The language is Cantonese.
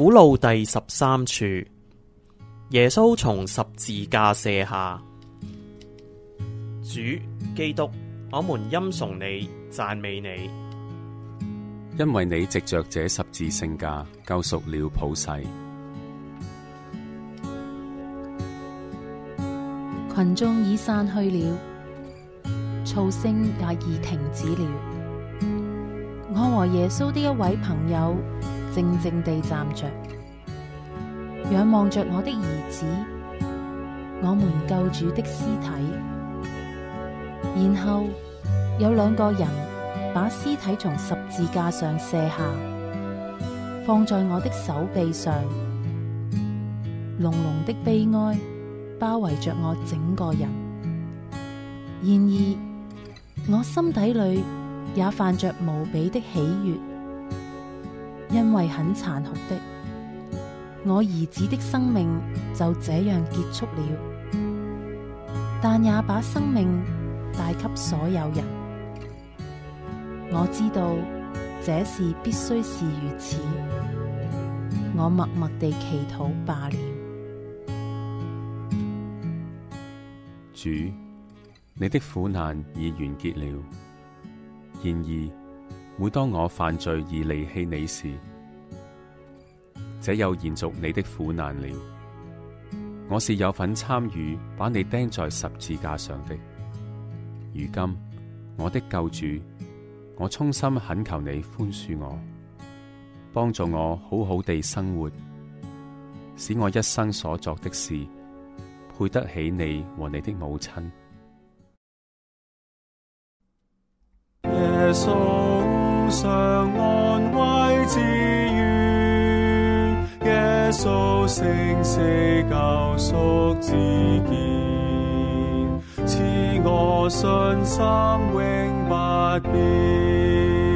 苦路第十三處，耶穌從十字架卸下。主基督，我們欽崇你，讚美你，因為你藉着這十字聖架救贖了普世。群眾已散去了，噪聲也已停止了。我和耶穌的一位朋友。靜靜地站着，仰望着我的兒子，我們救主的屍體。然後有兩個人把屍體從十字架上卸下，放在我的手臂上。濃濃的悲哀包圍着我整個人，然而我心底裏也泛着無比的喜悅。因為很殘酷的，我兒子的生命就這樣結束了，但也把生命帶給所有人。我知道這事必須是如此，我默默地祈禱罷了。主，你的苦難已完結了，然而每當我犯罪而離棄你時，這又延續你的苦難了。我是有份參與把你釘在十字架上的。如今我的救主，我衷心懇求你寬恕我，幫助我好好地生活，使我一生所做的事配得起你和你的母親。耶穌送上安慰聲色教誨自見賜我信心永不變。